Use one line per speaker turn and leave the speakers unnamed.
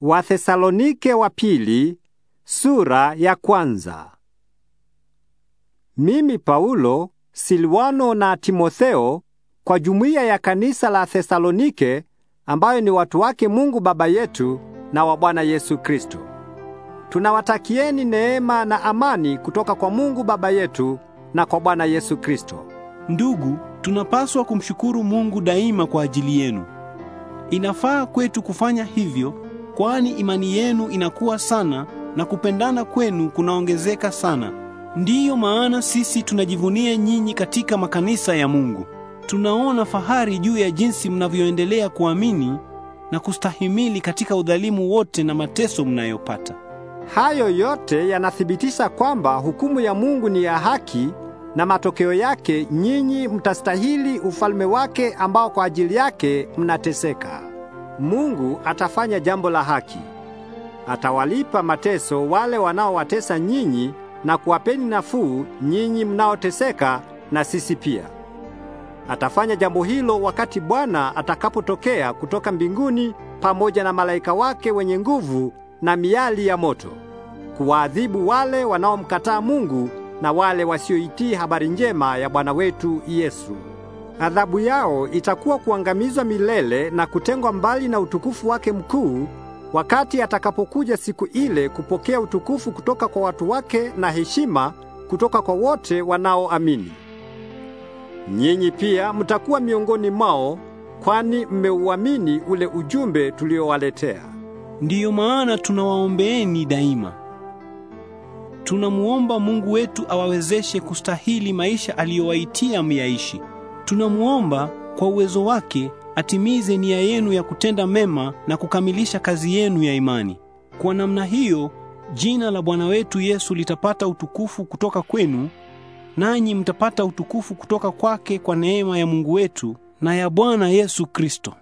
Wathesalonike wa pili sura ya kwanza. Mimi Paulo, Silwano na Timotheo kwa jumuiya ya kanisa la Thesalonike ambayo ni watu wake Mungu Baba yetu na wa Bwana Yesu Kristo. Tunawatakieni neema na amani kutoka kwa Mungu Baba yetu na kwa Bwana Yesu Kristo. Ndugu, tunapaswa
kumshukuru Mungu daima kwa ajili yenu. Inafaa kwetu kufanya hivyo kwani imani yenu inakuwa sana na kupendana kwenu kunaongezeka sana. Ndiyo maana sisi tunajivunia nyinyi katika makanisa ya Mungu. Tunaona fahari juu ya jinsi mnavyoendelea kuamini na kustahimili katika udhalimu
wote na mateso
mnayopata.
Hayo yote yanathibitisha kwamba hukumu ya Mungu ni ya haki na matokeo yake nyinyi mtastahili ufalme wake ambao kwa ajili yake mnateseka. Mungu atafanya jambo la haki. Atawalipa mateso wale wanaowatesa nyinyi na kuwapeni nafuu nyinyi mnaoteseka na sisi pia. Atafanya jambo hilo wakati Bwana atakapotokea kutoka mbinguni pamoja na malaika wake wenye nguvu na miali ya moto, kuwaadhibu wale wanaomkataa Mungu na wale wasioitii habari njema ya Bwana wetu Yesu. Adhabu yao itakuwa kuangamizwa milele na kutengwa mbali na utukufu wake mkuu wakati atakapokuja siku ile kupokea utukufu kutoka kwa watu wake na heshima kutoka kwa wote wanaoamini. Nyinyi pia mtakuwa miongoni mwao kwani mmeuamini ule ujumbe tuliowaletea. Ndiyo maana tunawaombeeni daima. Tunamuomba
Mungu wetu awawezeshe kustahili maisha aliyowaitia myaishi. Tunamwomba kwa uwezo wake atimize nia yenu ya kutenda mema na kukamilisha kazi yenu ya imani. Kwa namna hiyo, jina la Bwana wetu Yesu litapata utukufu kutoka kwenu, nanyi mtapata utukufu kutoka kwake kwa neema ya Mungu
wetu na ya Bwana Yesu Kristo.